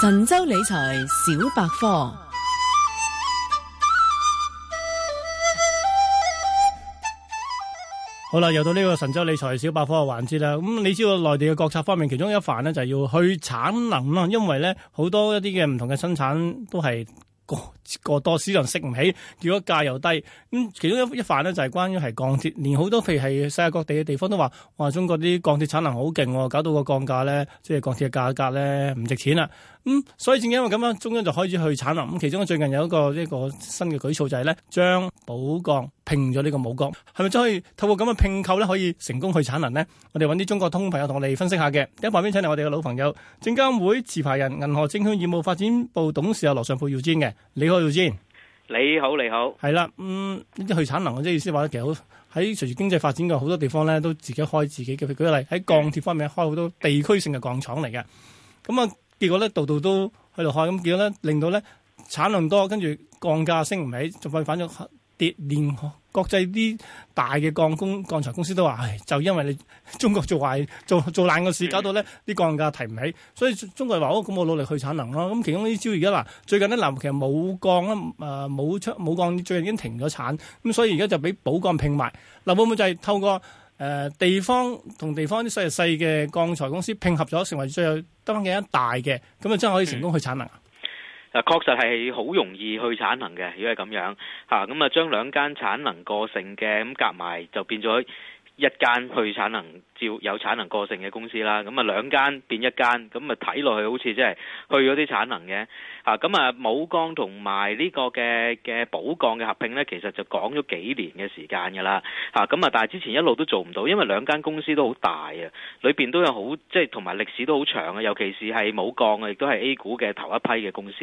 神州理財小百科，好啦，又到呢個神州理財小百科嘅環節啦。咁、嗯、你知道內地嘅國策方面，其中一環咧就係，要去產能啦，因為咧好多一啲嘅唔同嘅生產都係。過過多市場食唔起，結果價又低，咁、嗯、其中一一番咧就係關於係鋼鐵，連好多譬如係世界各地嘅地方都話，哇中國啲鋼鐵產能好勁，搞到個鋼價咧，即係鋼鐵嘅價格咧唔值錢啦，咁、嗯、所以正因為咁樣，中央就開始去產能，咁其中最近有一個呢個新嘅舉措就係咧將寶鋼。併咗呢個武鋼，係咪真係透過咁嘅併購咧可以成功去產能呢？我哋揾啲中國通朋友同我哋分析下嘅。一旁邊請嚟我哋嘅老朋友，證監會持牌人、銀河證券業務發展部董事啊羅尚沛耀堅嘅，你好耀堅。你好，你好。係啦，嗯，呢啲去產能即意思話得其實好喺隨住經濟發展嘅好多地方咧，都自己開自己嘅。舉例喺鋼鐵方面開好多地區性嘅鋼廠嚟嘅，咁啊結果咧度度都去到開，咁結果咧令到咧產能多，跟住鋼價升唔起，仲反反咗。跌，連國際啲大嘅鋼工鋼材公司都話，唉、哎，就因為你中國做壞做做爛個事，搞到咧啲鋼價提唔起。所以中國話好，咁、哦、我努力去產能咯。咁其中呢招而家嗱，最近呢，南華其實冇鋼啊，誒、呃、冇出冇鋼，最近已經停咗產。咁所以而家就俾寶鋼拼埋。嗱，華會唔會就係透過誒、呃、地方同地方啲細細嘅鋼材公司拼合咗，成為最後得翻幾間大嘅，咁就真係可以成功去產能啊？確實係好容易去產能嘅，如果係咁樣吓，咁啊將兩間產能過剩嘅，咁夾埋就變咗。一間去產能，照有產能過剩嘅公司啦，咁啊兩間變一間，咁啊睇落去好似真係去咗啲產能嘅嚇，咁啊，啊武鋼同埋呢個嘅嘅寶鋼嘅合併呢，其實就講咗幾年嘅時間噶啦嚇，咁啊，啊但係之前一路都做唔到，因為兩間公司都好大啊，裏邊都有好即係同埋歷史都好長啊，尤其是係武鋼啊，亦都係 A 股嘅頭一批嘅公司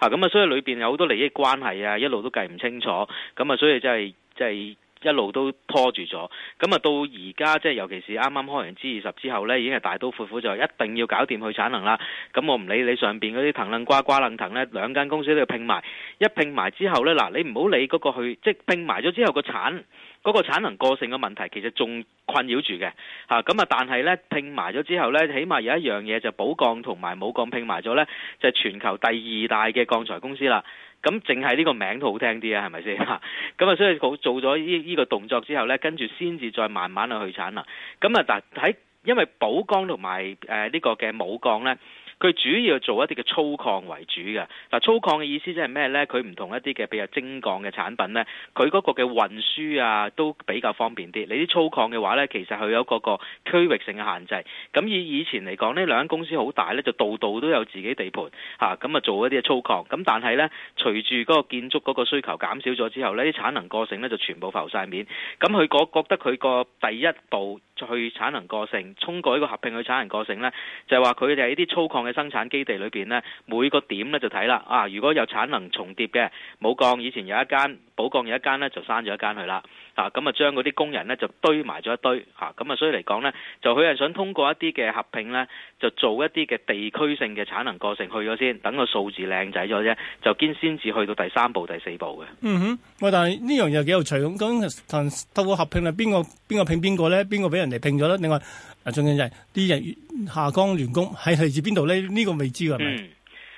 嚇，咁啊，啊所以裏邊有好多利益關係啊，一路都計唔清楚，咁啊所以真係真係。就是一路都拖住咗，咁啊到而家即係尤其是啱啱開完 G20 之後呢，已經係大刀闊斧就一定要搞掂去產能啦。咁我唔理你上邊嗰啲騰騰瓜瓜騰騰呢，兩間公司都要拼埋，一拼埋之後呢，嗱你唔好理嗰個去，即係拼埋咗之後個產，嗰、嗰個產能過剩嘅問題其實仲困擾住嘅嚇。咁啊，但係呢，拼埋咗之後呢，起碼有一樣嘢就寶鋼同埋武鋼拼埋咗呢，就全球第二大嘅鋼材公司啦。咁淨係呢個名都好聽啲啊，係咪先吓？咁啊，所以佢做咗呢呢個動作之後咧，跟住先至再慢慢去產啦。咁啊，但喺因為寶鋼同埋誒呢個嘅武鋼咧。佢主要做一啲嘅粗礦為主嘅，嗱粗礦嘅意思即係咩呢？佢唔同一啲嘅比較精鋼嘅產品呢，佢嗰個嘅運輸啊都比較方便啲。你啲粗礦嘅話呢，其實佢有嗰個個區域性嘅限制。咁以以前嚟講，呢兩間公司好大呢，就度度都有自己地盤嚇，咁啊做一啲嘅粗礦。咁但係呢，隨住嗰個建築嗰個需求減少咗之後呢，啲產能過剩呢就全部浮晒面。咁佢覺覺得佢個第一步。去產能過剩，通過呢個合併去產能過剩咧，就係話佢哋係啲粗鋼嘅生產基地裏邊咧，每個點咧就睇啦啊！如果有產能重疊嘅，武鋼。以前有一間。寶鋼有一間咧就閂咗一間去啦，啊咁啊將嗰啲工人咧就堆埋咗一堆，啊咁啊所以嚟講咧就佢係想通過一啲嘅合併咧就做一啲嘅地區性嘅產能過剩去咗先，等個數字靚仔咗啫，就堅先至去到第三步第四步嘅。嗯哼，喂，但係呢樣嘢又幾有趣咁，究竟透過合併咧，邊個邊個拼邊個咧？邊個俾人哋拼咗咧？另外仲重要就係、是、啲人下崗員工係嚟自邊度咧？呢、這個未知係咪？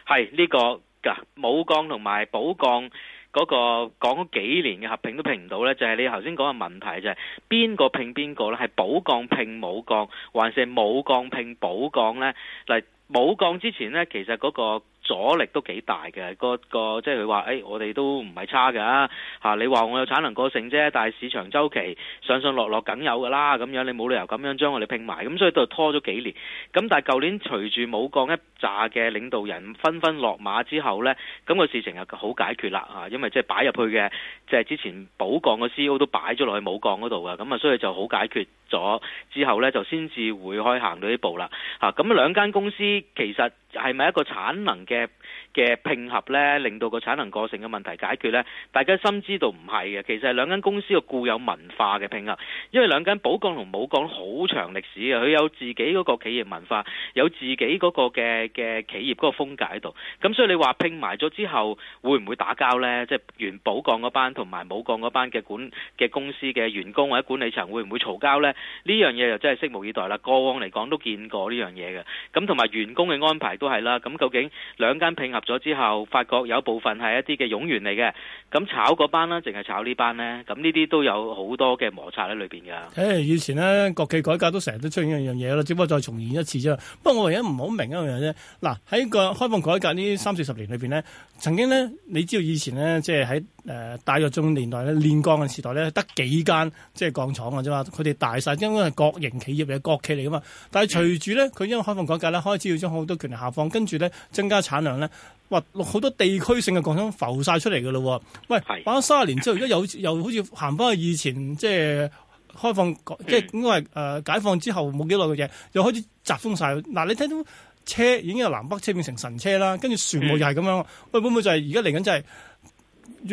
係呢、嗯這個噶，武鋼同埋寶鋼。嗰個講咗幾年嘅合併都拼唔到呢，就係、是、你頭先講嘅問題、就是，就係邊個拼邊個呢？係寶鋼拼武鋼，還是武鋼拼寶鋼呢？嗱，武鋼之前呢，其實嗰、那個。阻力都幾大嘅，嗰個即係佢話，誒、哎，我哋都唔係差㗎，嚇、啊、你話我有產能過剩啫，但係市場周期上上落落梗有㗎啦，咁樣你冇理由咁樣將我哋拼埋，咁所以都拖咗幾年。咁但係舊年隨住武鋼一紮嘅領導人紛紛落馬之後呢，咁個事情就好解決啦，嚇、啊，因為即係擺入去嘅即係之前寶鋼嘅 CEO 都擺咗落去武鋼嗰度嘅，咁啊，所以就好解決。咗之後呢，就先至會開行到呢步啦嚇。咁，啊，兩間公司其實係咪一個產能嘅嘅拼合呢？令到個產能過剩嘅問題解決呢？大家心知道唔係嘅。其實兩間公司嘅固有文化嘅拼合，因為兩間寶鋼同武鋼好長歷史嘅，佢有自己嗰個企業文化，有自己嗰個嘅嘅企業嗰個風格喺度。咁所以你話拼埋咗之後，會唔會打交呢？即係原寶鋼嗰班同埋武鋼嗰班嘅管嘅公司嘅員工或者管理層會唔會嘈交呢？呢樣嘢又真係拭目以待啦！過往嚟講都見過呢樣嘢嘅，咁同埋員工嘅安排都係啦。咁、嗯、究竟兩間拼合咗之後，發覺有一部分係一啲嘅冗員嚟嘅，咁、嗯、炒嗰班啦，淨係炒呢班呢。咁呢啲都有好多嘅摩擦喺裏邊噶。以前呢，國企改革都成日都出現一樣嘢啦，只不過再重演一次啫。不過我唯一唔好明一樣嘢啫。嗱、啊，喺個開放改革呢三四十年裏邊呢，曾經呢，你知道以前呢，即係喺誒大躍進年代呢，煉鋼嘅時代呢，得幾間即係鋼廠嘅啫嘛，佢哋大。就係因為係國營企業嚟，國企嚟噶嘛。但係隨住咧，佢因為開放改革咧，開始要將好多權力下放，跟住咧增加產量咧，哇，好多地區性嘅鋼廠浮晒出嚟噶咯。喂，玩咗三十年之後，而家又又好似行翻去以前，即係開放，即係應該係誒、呃、解放之後冇幾耐嘅嘢，又開始集封晒。嗱、啊，你聽到車已經由南北車變成神車啦，跟住船務又係咁樣。喂，會唔會就係而家嚟緊，就係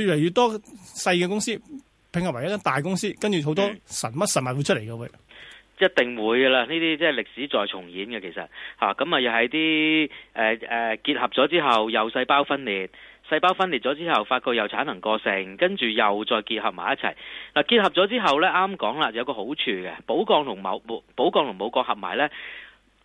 越嚟越多細嘅公司？拼合為一間大公司，跟住好多神物神物會出嚟嘅會，一定會噶啦。呢啲即係歷史再重演嘅，其實吓咁啊，又係啲誒誒結合咗之後，又細胞分裂，細胞分裂咗之後，發覺又產能過剩，跟住又再結合埋一齊。嗱、啊，結合咗之後咧，啱講啦，有個好處嘅，寶鋼同某寶鋼同武鋼合埋咧。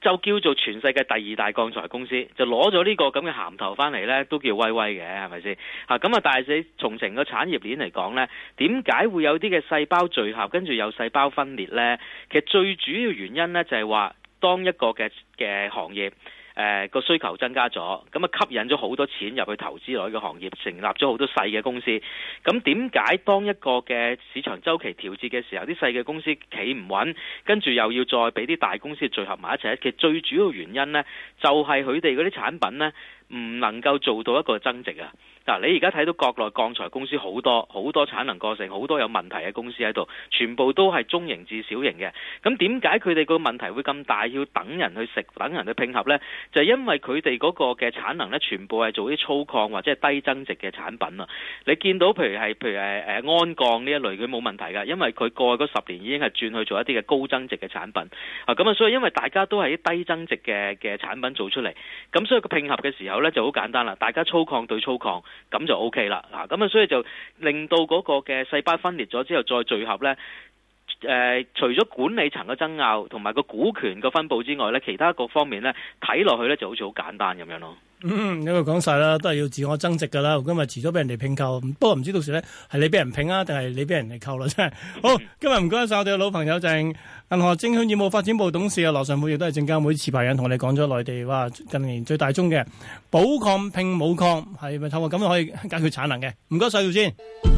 就叫做全世界第二大鋼材公司，就攞咗呢個咁嘅銜頭翻嚟咧，都叫威威嘅，係咪先？吓，咁啊！但係你從成個產業鏈嚟講咧，點解會有啲嘅細胞聚合，跟住有細胞分裂咧？其實最主要原因咧，就係話當一個嘅嘅行業。誒個、呃、需求增加咗，咁啊吸引咗好多錢入去投資落呢個行業，成立咗好多細嘅公司。咁點解當一個嘅市場周期調節嘅時候，啲細嘅公司企唔穩，跟住又要再俾啲大公司聚合埋一齊？其實最主要原因呢，就係佢哋嗰啲產品呢。唔能夠做到一個增值啊！嗱、啊，你而家睇到國內鋼材公司好多好多產能過剩，好多有問題嘅公司喺度，全部都係中型至小型嘅。咁點解佢哋個問題會咁大？要等人去食，等人去併合咧？就係、是、因為佢哋個嘅產能咧，全部係做啲粗礦或者係低增值嘅產品啊！你見到譬如係譬如誒誒鞍鋼呢一類，佢冇問題㗎，因為佢過去十年已經係轉去做一啲嘅高增值嘅產品啊！咁啊，所以因為大家都係啲低增值嘅嘅產品做出嚟，咁所以佢併合嘅時候。咧就好簡單啦，大家粗礦對粗礦，咁就 OK 啦。嗱，咁啊，所以就令到嗰個嘅細胞分裂咗之後再聚合咧。誒、呃，除咗管理層嘅爭拗同埋個股權個分佈之外咧，其他各方面咧睇落去咧就好似好簡單咁樣咯。嗯，因為講晒啦，都係要自我增值噶啦。今日遲咗俾人哋併購，不過唔知到時咧，係你俾人併啊，定係你俾人哋購啦？真係。好，今日唔該晒我哋嘅老朋友鄭銀河證券業務發展部董事啊羅尚沛，亦都係證監會持牌人，同我哋講咗內地話，近年最大宗嘅寶鋼併武鋼係咪透過咁樣可以解決產能嘅？唔該晒佢先。